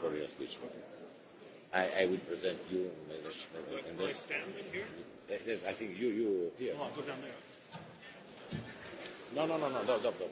for your speech. I, I would present you, Mr. Schmidt. Do I stand here? I think you, you here. No, go down there. No, no, no, no, no, no, no.